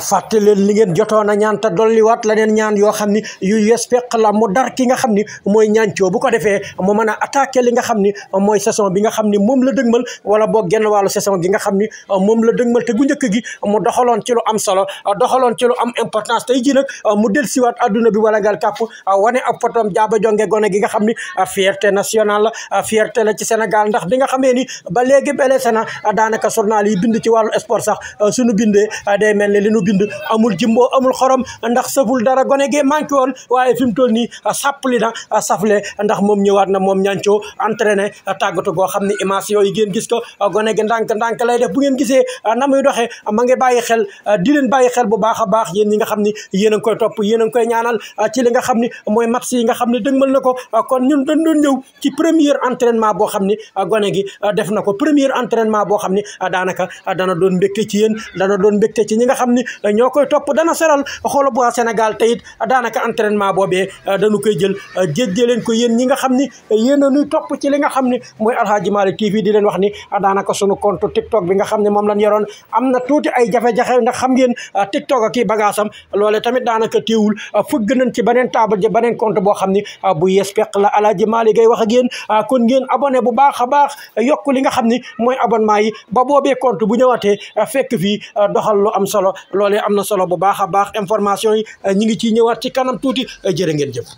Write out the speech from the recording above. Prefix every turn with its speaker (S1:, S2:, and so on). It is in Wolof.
S1: fàtte leen li a ñaan te dolliwaat la neen ñaan yoo xam ni yu yes peq la mu dar ki nga xam ni mooy ñaancoo bu ko mu mën a li nga xam ni mooy saison bi nga xam ni moom la dëgmal wala boog genn wàllu saison gi nga xam ni moom la dëgmal te gu njëkk gi mu doxaloon ci lu am solo doxaloon ci lu am importance tey ji nag mu del siwaat aduna bi wala ngal kàpp wane ab potom jaaba jonge gone gi nga xam ni fierté nationale la fierté la ci Sénégal ndax bi nga xamee ni ba léegi blessé na daanaka journal yi bind ci wàllu sport sax suñu bindee day mel ni li nu bind amul jimbo amul xorom ndax saful dara gone gee manqué woon waaye fi mu toll nii ah, sàppali na ah, safle ndax moom ñëwaat na moom ñancoo entraîné ah, tàggatu goo xam ne image yooyu ngeen gis ko gone gi ndànk ndànk lay def bu ngeen gisee na muy doxee ma ngi bàyyi xel di leen bàyyi xel bu baax a baax yéen yi nga xam ni yéen a ngi koy topp yéen nga ngi koy ñaanal ci li nga xam ni mooy match yi nga xam ne dëgmal na ko kon ñun dañ doon ñëw ci premier entraînement boo xam ni gone gi def na ko premier entraînement boo xam ni daanaka ñoo koy topp dana seral xoola bu waa Sénégal teyit daanaka entrainement boobee euh, dañu koy jël euh, jéggee leen ko yéen ñi nga xam ni euh, yen a nuy topp ci li nga xam ni mooy Aladji Malick TV di leen wax ni daanaka sunu compte TikTok bi nga xam ne moom lañ yoroon am na tuuti ay jafe-jafe ndax xam ngeen TikTok ak kii bagaasam loole tamit daanaka téewul fëgg nañ ci beneen table ji beneen compte boo xam ni bu yees peq la Aladji Malick ngay wax a yéen kon ngeen abone bu baax a baax yokk li nga xam ni mooy abonnement yi ba boobee compte bu ñëwaatee fekk fii doxal lu am solo loolee am na solo bu baax a baax information yi ñi ngi ciy ñëwaat ci kanam tuuti jërë ngeen jëf